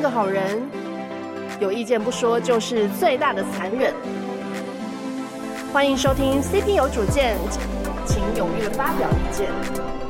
個好人，有意見不說就是最大的殘忍。歡迎收聽 CP 有主見，請踴躍發表意見。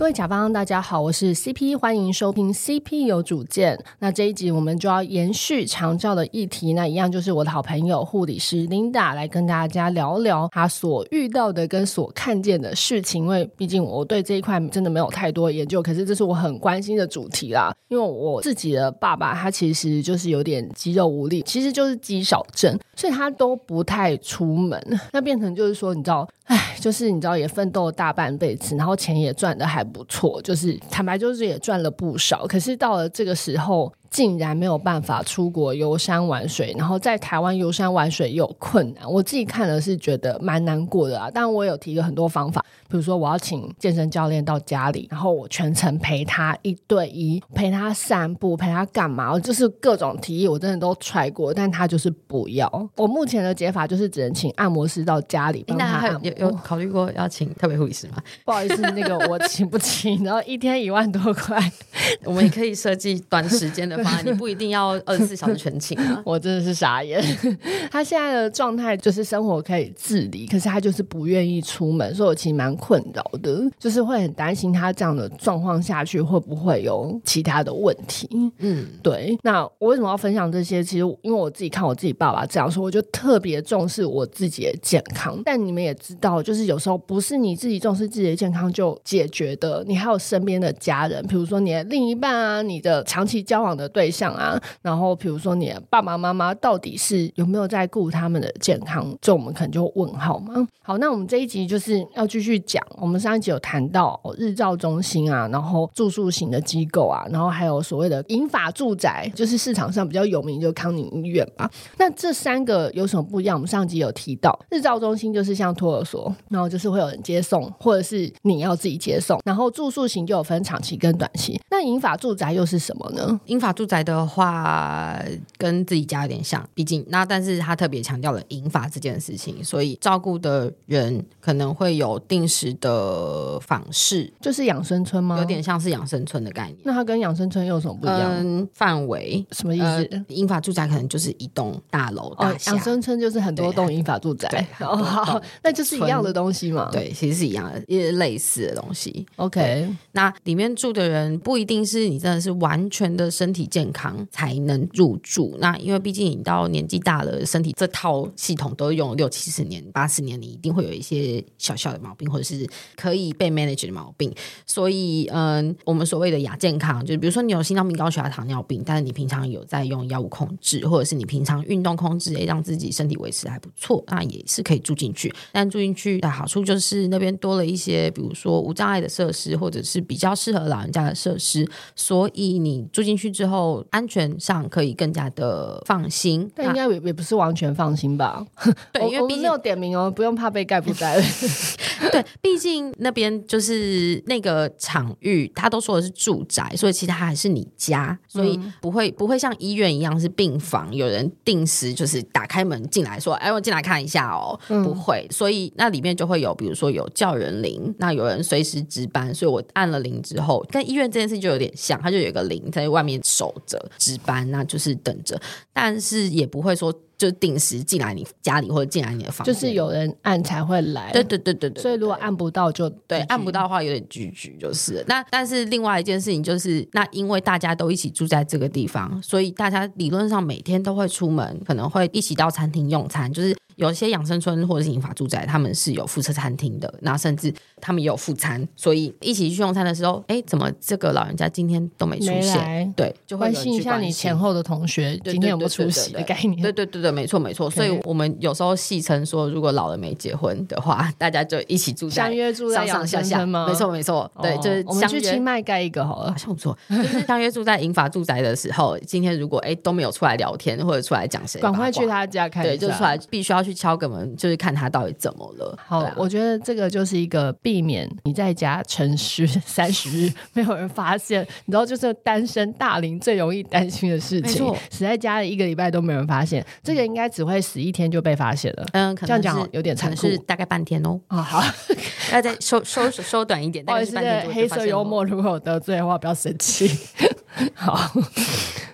各位甲方大家好，我是 CP，歡迎收聽 CP 有主見。那這一集我們就要延續長照的議題，那一樣就是我的好朋友護理師 Linda 來跟大家聊聊她所遇到的跟所看見的事情。因為畢竟我對這一塊真的沒有太多研究，可是這是我很關心的主題啦。因為我自己的爸爸他其實就是有點肌肉無力，其實就是肌少症，所以他都不太出門，那變成就是說，你知道，哎，就是你知道也奮鬥了大半輩子，然後錢也賺得還。不錯，就是坦白，就是也賺了不少。可是到了這個時候，竟然沒有辦法出國遊山玩水，然後在台灣遊山玩水有困難。我自己看了是覺得蠻難過的啊，但我有提了很多方法，比如說我要請健身教練到家裡，然後我全程陪他一對一，陪他散步，陪他幹嘛？我就是各種提議，我真的都 try 過，但他就是不要。我目前的解法就是只能請按摩師到家裡幫他按摩。欸、那他有有，有考慮過要請特別護理師嗎？ 不好意思，那個我請不起，然後一天一萬多塊， 我們也可以設計短時間的。 你不一定要二十四小時全勤啊！ 我真的是傻眼。 他現在的狀態就是生活可以自理，可是他就是不願意出門，所以我其實蠻困擾的，就是會很擔心他這樣的狀況下去會不會有其他的問題。嗯，對。那我為什麼要分享這些？其實因為我自己看我自己爸爸這樣說，我就特別重視我自己的健康。但你們也知道，就是有時候不是你自己重視自己的健康就解決的，你還有身邊的家人，比如說你的另一半啊，你的長期交往的。對象啊，然後比如說你的爸爸媽、媽媽到底是有沒有在顧他們的健康？就我們可能就問號嘛。好，那我們這一集就是要繼續講。我們上一集有談到、哦、日照中心啊，然後住宿型的機構啊，然後還有所謂的銀法住宅銀髮住宅，就是市場上比較有名，就是康寧醫院嘛。那這三個有什麼不一樣？我們上一集有提到日照中心就是像托兒所，然後就是會有人接送，或者是你要自己接送。然後住宿型就有分長期跟短期。那銀髮住宅又是什麼呢？銀髮。住宅的話，跟自己家有點像，畢竟那但是他特別強調了銀髮這件事情，所以照顧的人可能會有定時的訪視，就是養生村嗎？有點像是養生村的概念。那它跟養生村又有什麼不一樣？嗯、範圍什麼意思？呃、銀髮住宅可能就是一棟大樓大廈、哦，養生村就是很多棟銀髮住宅、啊。對、啊對啊哦，好，好好，那就是一樣的東西嘛？對，其實是一樣的，也類似的東西。OK，那裡面住的人不一定是你，真的是完全的身體。健康才能入住。那因為畢竟你到年紀大了，身體這套系統都用了六七十年、八十年，你一定會有一些小小的毛病，或者是可以被 manage 的毛病。所以，嗯，我們所謂的亞健康，就是比如說你有心臟病、高血壓、糖尿病，但是你平常有在用藥物控制，或者是你平常運動控制，讓自己身體維持還不錯，那也是可以住進去。但住進去的好處就是那邊多了一些，比如說無障礙的設施，或者是比較適合老人家的設施。所以你住進去之後，安全上可以更加的放心，但應該也那也不是完全放心吧？ 對，我因為畢竟有點名哦，不用怕被蓋布袋。 對，畢竟那邊就是那個場域，他都說的是住宅，所以其他還是你家，所以不會、嗯、不會像醫院一樣是病房，有人定時就是打開門進來說：“哎、欸，我進來看一下哦。”不會，所以那裡面就會有，比如說有叫人鈴，那有人隨時值班，所以我按了鈴之後，跟醫院這件事情就有點像，他就有一個鈴在外面。走着值班，那就是等着，但是也不會說就定時進來你家裡或者進來你的房間，就是有人按才會來。嗯、對,對,對,對對對對對，所以如果按不到就對,對，按不到的話有點局局就是。嗯、那但是另外一件事情就是，那因為大家都一起住在這個地方，所以大家理論上每天都會出門，可能會一起到餐廳用餐，就是。有些養生村或者是銀髮住宅，他們是有附設餐廳的，那甚至他們也有副餐，所以一起去用餐的時候，哎、欸，怎麼這個老人家今天都沒出現？來對，就會關，關心一下你前後的同學今天有沒有出席的概念。對，對對對對，沒錯沒錯。以所以我們有時候戲稱說，如果老了沒結婚的話，大家就一起住在上上下下，相約住在養生村嗎？沒錯沒錯，對，就是、哦、我們去清邁蓋一個好了，啊、像不錯，就是、相約住在銀髮住宅的時候，今天如果哎、欸、都沒有出來聊天或者出來講誰，趕快去他家開，對，就出來必須要去。去敲個門，就是看他到底怎麼了。好，啊、我覺得這個就是一個避免你在家沉屍三十日沒有人發現。你知道，就是單身大齡最容易擔心的事情，死錯在家裡一個禮拜都沒有人發現。這個應該只會死一天就被發現了。嗯，可能這樣講有點殘酷，是大概半天哦。啊、哦，好， 要再收收收短一點。 不好意思，黑色幽默，如果我得罪的話， 不要生氣。 好。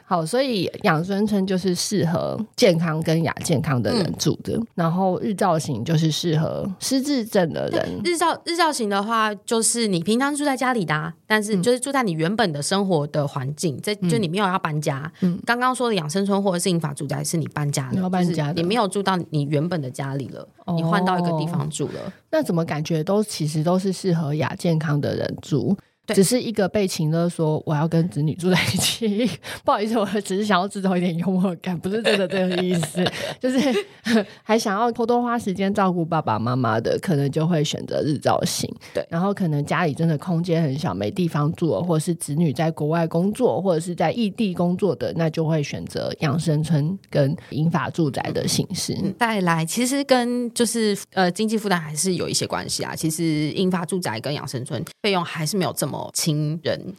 好，所以養生村就是適合健康跟亞健康的人住的。嗯、然後日照型就是適合失智症的人。日照日照型的話，就是你平常住在家裡的、啊、但是就是住在你原本的生活的環境，嗯、在就你沒有要搬家。嗯、剛剛說的養生村或者是銀髮住宅，是你搬家的，你要搬家的，你沒有住到你原本的家裡了，哦、你換到一個地方住了。那怎麼感覺都其實都是適合亞健康的人住？對只是一個被情勒說，我要跟子女住在一起， 不好意思，我只是想要製造一點幽默感，不是真的這個意思。 就是還想要多多花時間照顧爸爸媽媽的，可能就會選擇日照型。對，然後可能家裡真的空間很小，沒地方住或是子女在國外工作，或者是在異地工作的，那就會選擇養生村跟銀髮住宅的形式。帶、嗯嗯、來，其實跟就是呃經濟負擔還是有一些關係啊。其實銀髮住宅跟養生村費用還是沒有這麼。親人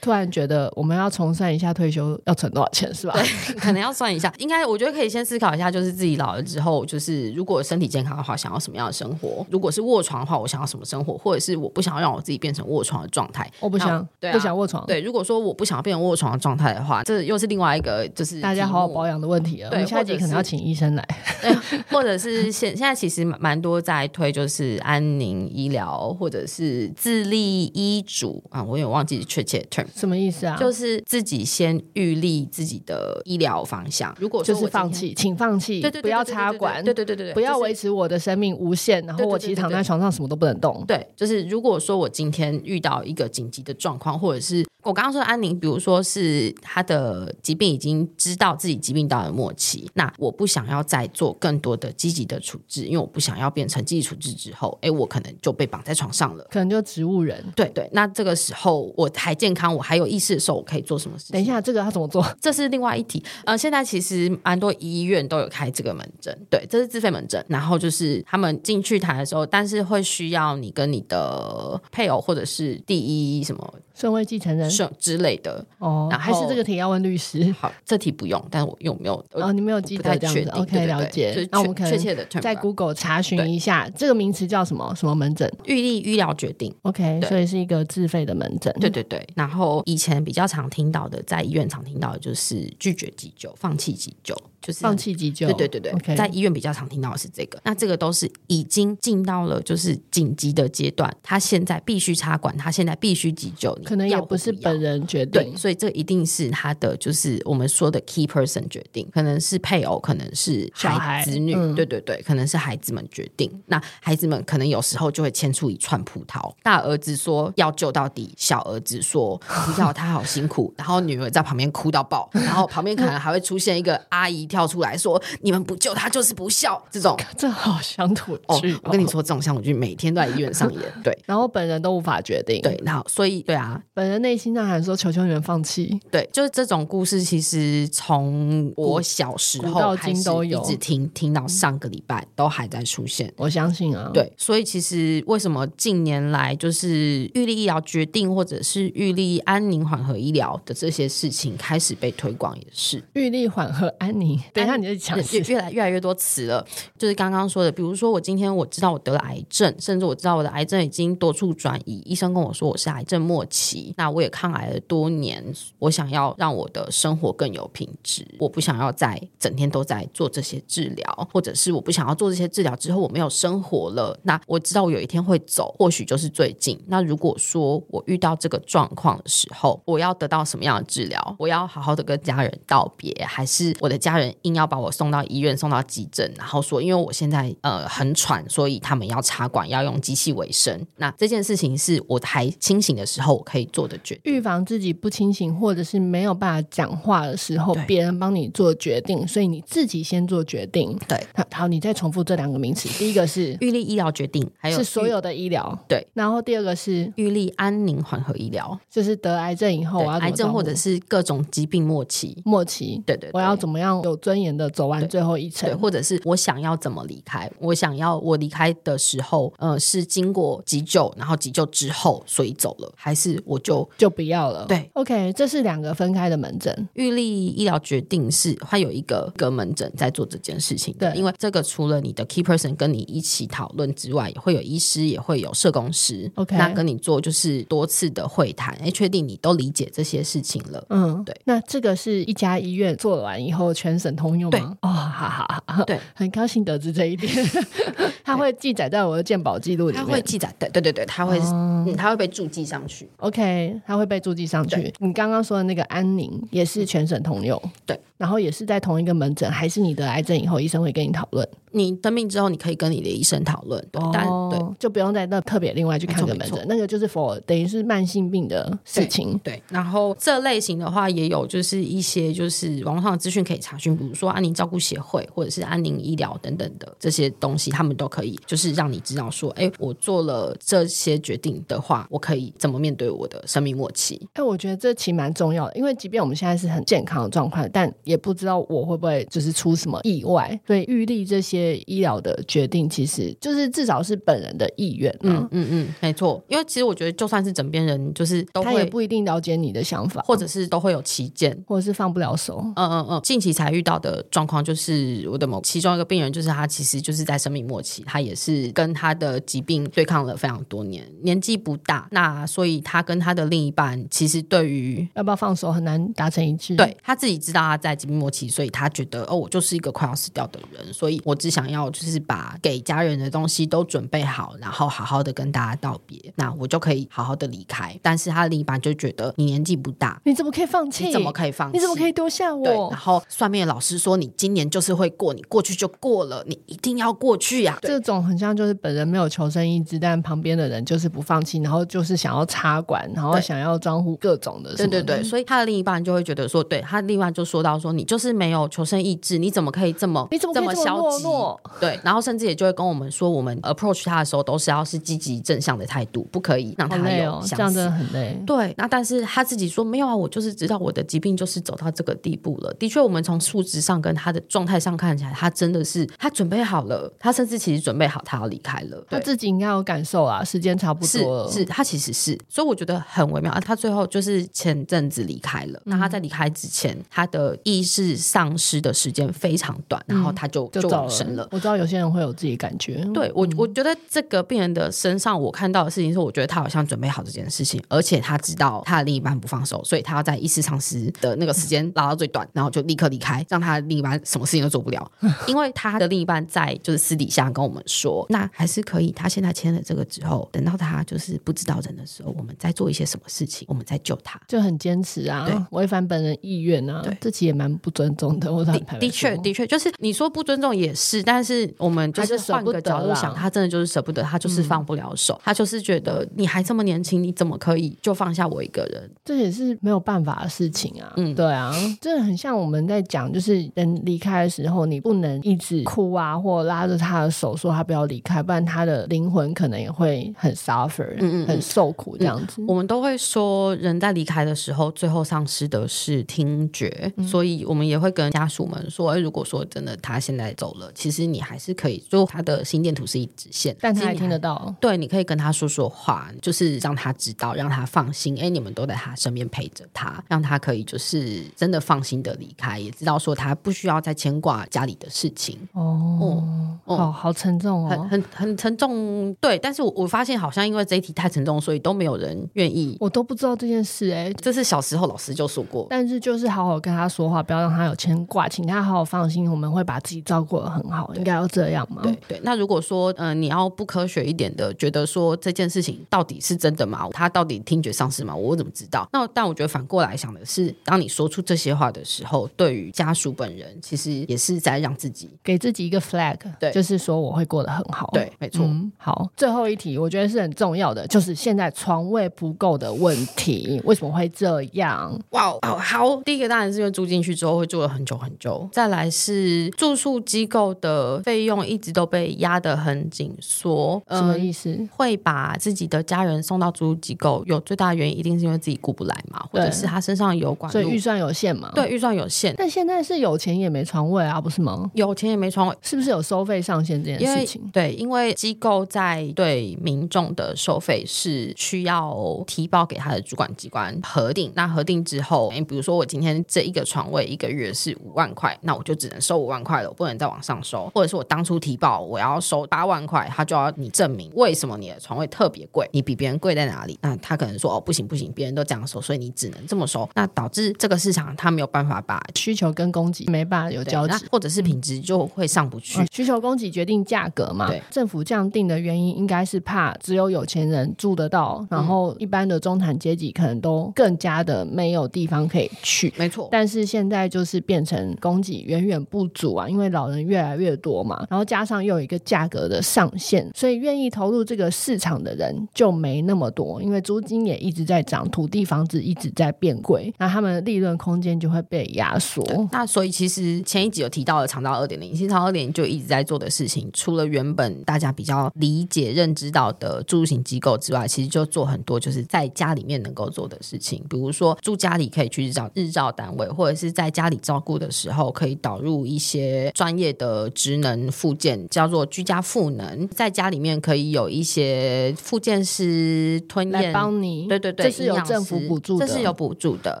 突然覺得我們要重算一下退休要存多少錢是吧？對，可能要算一下。 應該我覺得可以先思考一下，就是自己老了之後，就是如果身體健康的話，想要什麼樣的生活？如果是臥床的話，我想要什麼生活？或者是我不想讓我自己變成臥床的狀態？我不想對、啊、不想臥床。對，如果說我不想變成臥床的狀態的話，這又是另外一個就是大家好好保養的問題了。對，下一集可能要請醫生來。對，或者是現 現在其實蠻多在推就是安寧醫療或者是預立醫囑。啊，我也忘記確切的 term，什麼意思啊？就是自己先預立自己的醫療方向。如果就是放棄，請放棄，對對，對，對，對，對對，不要插管，對對對，對對對對，不要維持我的生命無限。對對對對對，然後我其實躺在床上什麼都不能動。對，就是如果說我今天遇到一個緊急的狀況，或者是。我剛剛說的安寧，比如說是他的疾病已經知道自己疾病到了末期，那我不想要再做更多的積極的處置，因為我不想要變成積極處置之後，哎，我可能就被綁在床上了，可能就植物人。對對，那這個時候我還健康，我還有意識的時候，我可以做什麼事？等一下，這個要怎麼做？這是另外一題。呃，現在其實蠻多醫院都有開這個門診，對，這是自費門診。然後就是他們進去談的時候，但是會需要你跟你的配偶或者是第一什麼順位繼承人。之類的哦，後還是這個題要問律師？好，這題不用，但我用沒有哦，你沒有記得這樣子？OK，對對對，了解。那我們可以確切的在 Google 查詢一下，對這個名詞叫什麼？什麼門診預立醫療決定？OK，對所以是一個自費的門診對。對對對，然後以前比較常聽到的，在醫院常聽到的就是拒絕急救、放棄急救。就是放棄急救，對對對對，okay 在醫院比較常聽到的是這個。那這個都是已經進到了就是緊急的階段，他現在必須插管，他現在必須急救，你要可能也不是本人決定，所以這一定是他的就是我們說的 key person 決定，可能是配偶，可能是孩子女，嗯、對對對，可能是孩子們決定。那孩子們可能有時候就會牽出一串葡萄，大兒子說要救到底，小兒子說要 他好辛苦，然後女兒在旁邊哭到爆，然後旁邊可能還會出現一個阿姨。跳出來說：“你們不救他就是不孝。”這種，這好鄉土劇。Oh, 我跟你說，這種鄉土劇每天都在醫院上演。對， 然後本人都無法決定。對，然後所以對啊，本人內心上還說：“求求你們放棄。”對，就是這種故事，其實從我小時候開始一直聽，聽到上個禮拜都還在出現。我相信啊，對。所以其實為什麼近年來就是預立醫療決定，或者是預立安寧緩和醫療的這些事情開始被推廣，也是預立緩和安寧。對，那你就講越越來越來越多詞了，就是剛剛說的，比如說我今天我知道我得了癌症，甚至我知道我的癌症已經多處轉移，醫生跟我說我是癌症末期。那我也抗癌了多年，我想要讓我的生活更有品質，我不想要再整天都在做這些治療，或者是我不想要做這些治療之後我沒有生活了。那我知道我有一天會走，或許就是最近。那如果說我遇到這個狀況的時候，我要得到什麼樣的治療？我要好好的跟家人道別，還是我的家人？硬要把我送到醫院，送到急診，然後說因為我現在呃很喘，所以他們要插管，要用機器維生。那這件事情是我還清醒的時候我可以做的決定，預防自己不清醒或者是沒有辦法講話的時候，別人幫你做決定，所以你自己先做決定。對，好，你再重複這兩個名詞。第一個是預立醫療決定，還有是所有的醫療。對，然後第二個是預立安寧緩和醫療，就是得癌症以後，癌症或者是各種疾病末期，末期。對對，我要怎麼樣？有尊嚴的走完最後一程。對，對，或者是我想要怎麼離開？我想要我離開的時候，呃，是經過急救，然後急救之後所以走了，還是我就就不要了？對，OK，這是兩個分開的門診。預立醫療決定是會有一個個門診在做這件事情，對，因為這個除了你的 key person 跟你一起討論之外，也會有醫師，也會有社工師，OK，那跟你做就是多次的會談，哎，確定你都理解這些事情了？嗯，對。那這個是一家醫院做完以後，全省。省通用嗎？對哦，好好、好對，很高興得知這一點， 他會記載在我的健保記錄裡面，他會記載，對對對對，他會、嗯嗯、他會被注記上去，OK，他會被注記上去。對你剛剛說的那個安寧也是全省通用，對，然後也是在同一個門診，還是你得癌症以後醫生會跟你討論。你得病之後，你可以跟你的醫生討論，對哦、但對，就不用在那特別另外去看個門診，那個就是 for 等於是慢性病的事情。對，對，然後這類型的話也有，就是一些就是網絡上的資訊可以查詢。比如說安寧照顧協會，或者是安寧醫療等等的這些東西，他們都可以就是讓你知道說，哎、欸，我做了這些決定的話，我可以怎麼面對我的生命末期？哎、欸，我覺得這其實蠻重要的，因為即便我們現在是很健康的狀況，但也不知道我會不會就是出什麼意外，所以預立這些醫療的決定，其實就是至少是本人的意願嗯。嗯嗯嗯，沒錯，因為其實我覺得就算是枕邊人，就是都會他也不一定了解你的想法，或者是都會有歧見，或者是放不了手。嗯嗯嗯，近期才遇。到的狀況就是我的某其中一個病人，就是他其實就是在生命末期，他也是跟他的疾病對抗了非常多年，年紀不大，那所以他跟他的另一半其實對於要不要放手很難達成一致。對，他自己知道他在疾病末期，所以他覺得哦，我就是一個快要死掉的人，所以我只想要就是把給家人的東西都準備好，然後好好的跟大家道別，那我就可以好好的離開。但是他的另一半就覺得你年紀不大，你怎麼可以放棄？你怎麼可以放棄？你怎麼可以丟下我？對，然後算命老老師說：“你今年就是會過，你過去就過了，你一定要過去呀、啊。”這種很像就是本人沒有求生意志，但旁邊的人就是不放棄，然後就是想要插管，對然後想要裝護各種的。對對對，所以他的另一半就會覺得說：“對他另一半就說到說，你就是沒有求生意志，你怎麼可以這麼你怎麼這麼消極？”落落對，然後甚至也就會跟我們說，我們 approach 他的時候都是要是積極正向的態度，不可以讓他有，哦、沒有這樣真的很累。對，那但是他自己說沒有啊，我就是知道我的疾病就是走到這個地步了。的確，我們從數身上跟他的狀態上看起來，他真的是他準備好了，他甚至其實準備好他要離開了。他自己應該有感受啊，時間差不多了是。是，他其實是，所以我覺得很微妙啊。他最後就是前陣子離開了，嗯、那他在離開之前，他的意識喪失的時間非常短，嗯、然後他就就走了。了我知道有些人會有自己感覺，對我，我覺得這個病人的身上我看到的事情是，我覺得他好像準備好這件事情，而且他知道他的另一半不放手，所以他要在意識喪失的那個時間拉到最短，然後就立刻離開。讓他另一半什麼事情都做不了， 因為他的另一半在就是私底下跟我們說，那還是可以。他現在簽了這個之後，等到他就是不知道人的時候，我們再做一些什麼事情，我們再救他，就很堅持啊，違反對本人意願啊，對，自己也蠻不尊重的。對我你說的的確的確就是你說不尊重也是，但是我們就是換個角度想，啊、他真的就是舍不得，他就是放不了手，嗯、他就是覺得你還這麼年輕，你怎麼可以就放下我一個人？這也是沒有辦法的事情啊。嗯，對啊，這很像我們在講就是。是人離開的時候，你不能一直哭啊，或拉着他的手說他不要離開，不然他的靈魂可能也會很 suffer，、啊、嗯嗯，很受苦這樣子。嗯嗯、我們都會說，人在離開的時候，最後喪失的是聽覺，嗯、所以我們也會跟家屬們說、欸，如果說真的他現在走了，其實你還是可以，就他的心電圖是一直線，但他還聽得到，對，你可以跟他說說話，就是讓他知道，讓他放心，哎、欸，你們都在他身邊陪着他，讓他可以就是真的放心的離開，也知道。說他不需要再牽掛家裡的事情哦，哦，好沉重哦，很很很沉重。對，但是我我發現好像因為這一題太沉重，所以都沒有人願意。我都不知道這件事，哎，這是小時候老師就說過，但是就是好好跟他說話，不要讓他有牽掛，請他好好放心，我們會把自己照顧得很好。對應該要這樣嗎？對對。那如果說，嗯、呃，你要不科學一點的，覺得說這件事情到底是真的嗎？他到底聽覺喪失嗎？我怎麼知道？那但我覺得反過來想的是，當你說出這些話的時候，對於家。屬本人其實也是在讓自己給自己一個 flag，對，就是說我會過得很好。對，沒錯。嗯、好，最後一題，我覺得是很重要的，就是現在床位不夠的問題， 為什麼會這樣？哇哦、wow，好。第一個當然是因為住進去之後會住了很久很久，再來是住宿機構的費用一直都被壓得很緊縮。嗯、什麼意思？會把自己的家人送到住宿機構，有最大的原因一定是因為自己顧不來嘛，對或者是他身上有管，所以預算有限嘛。對，預算有限。但現在。是有錢也沒床位啊，不是嗎？有錢也沒床位，是不是有收費上限這件事情？對，因為機構在對民眾的收費是需要提報給他的主管機關核定。那核定之後，你比如說我今天這一個床位一個月是五萬塊，那我就只能收五萬塊了，我不能再往上收。或者是我當初提報我要收八萬塊，他就要你證明為什麼你的床位特別貴，你比別人貴在哪裡？那他可能說哦不行不行，別人都這樣收，所以你只能這麼收。那導致這個市場他沒有辦法把需求跟供給沒辦法有交集，或者是品質就會上不去，嗯。需求供給決定價格嘛。對。政府這樣定的原因，應該是怕只有有錢人住得到，嗯，然後一般的中產階級可能都更加的沒有地方可以去。沒錯。但是現在就是變成供給遠遠不足啊，因為老人越來越多嘛，然後加上又有一個價格的上限，所以願意投入這個市場的人就沒那麼多。因為租金也一直在漲，土地房子一直在變貴，那他們的利潤空間就會被壓縮。所以其實前一集有提到的長照二點零，其實長照二點零就一直在做的事情，除了原本大家比較理解認知到的住宿機構之外，其實就做很多就是在家裡面能夠做的事情，比如說住家裡可以去找日照單位，或者是在家裡照顧的時候可以導入一些專業的職能復健，叫做居家賦能，在家裡面可以有一些復健師吞嚥來幫你，對對對，這是有政府補助的，這是有補助的，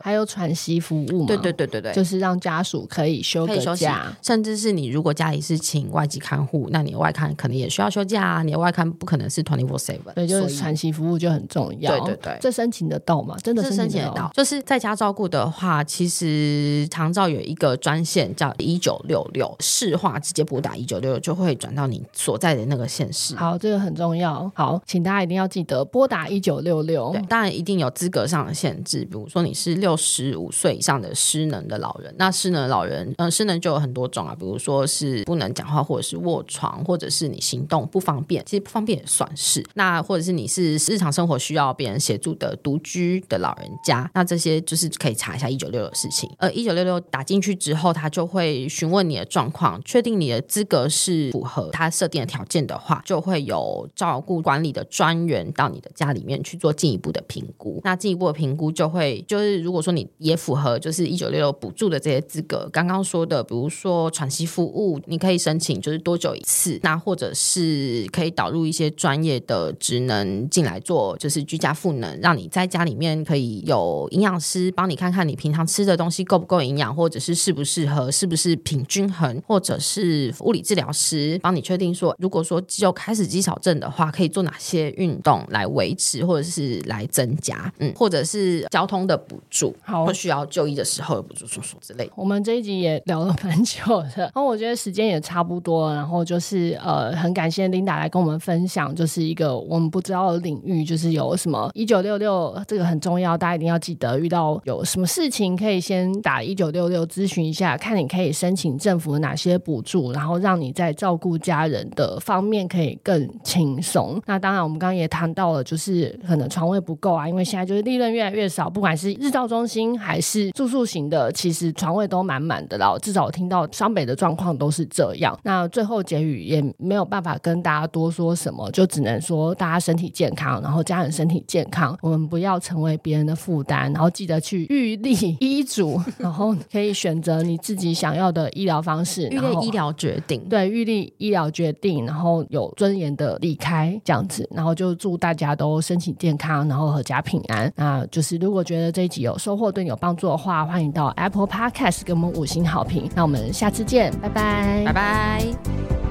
還有喘息服務，對對對對對，就是讓家屬。可以休個假，甚至是你如果家裡是請外籍看護，那你的外看可能也需要休假啊。你的外看不可能是 twenty four seven，就是喘息服務就很重要。嗯、對對對，這申請得到嗎？真的申請得到。得到就是在家照顧的話，其實長照有一個專線叫一九六六，市話直接撥打一九六六就會轉到你所在的那個縣市。好，這個很重要。好，請大家一定要記得撥打一九六六。當然，一定有資格上的限制，比如說你是六十五歲以上的失能的老人，那失能呢。老人。嗯，失能就有很多種啊，比如說是不能講話，或者是臥床，或者是你行動不方便，其實不方便也算是。那或者是你是日常生活需要別人協助的獨居的老人家，那這些就是可以查一下一九六六的事情。而一九六六打進去之後，他就會詢問你的狀況，確定你的資格是符合他設定的條件的話，就會有照顧管理的專員到你的家裡面去做進一步的評估。那進一步的評估就會就是如果說你也符合就是一九六六補助的這些資格。呃，剛剛說的，比如說喘息服務，你可以申請就是多久一次？那或者是可以導入一些專業的職能進來做，就是居家賦能，讓你在家裡面可以有營養師幫你看看你平常吃的東西夠不夠營養，或者是適不適合，是不是平均衡？或者是物理治療師幫你確定說，如果說就開始肌少症的話，可以做哪些運動來維持或者是來增加？嗯，或者是交通的補助，好需要就醫的時候的補助、住宿之類。我們。這一集也聊了蠻久的，然後我覺得時間也差不多了，然後就是呃，很感謝 Linda 來跟我們分享，就是一個我們不知道的領域，就是有什麼一九六六這個很重要，大家一定要記得，遇到有什麼事情可以先打一九六六諮詢一下，看你可以申請政府哪些補助，然後讓你在照顧家人的方面可以更輕鬆。那當然，我們剛剛也談到了，就是可能床位不夠啊，因為現在就是利潤越來越少，不管是日照中心還是住宿型的，其實床位都。滿滿的，然後至少我聽到雙北的狀況都是這樣。那最後結語也沒有辦法跟大家多說什麼，就只能說大家身體健康，然後家人身體健康，我們不要成為別人的負擔，然後記得去預立醫囑，然後可以選擇你自己想要的醫療方式， 然後醫療決定，對，預立醫療決定，然後有尊嚴的離開這樣子，然後就祝大家都身體健康，然後闔家平安。那就是如果覺得這一集有收穫，對你有幫助的話，歡迎到 Apple Podcast 給。我們五星好評，那我們下次見，拜拜，拜拜。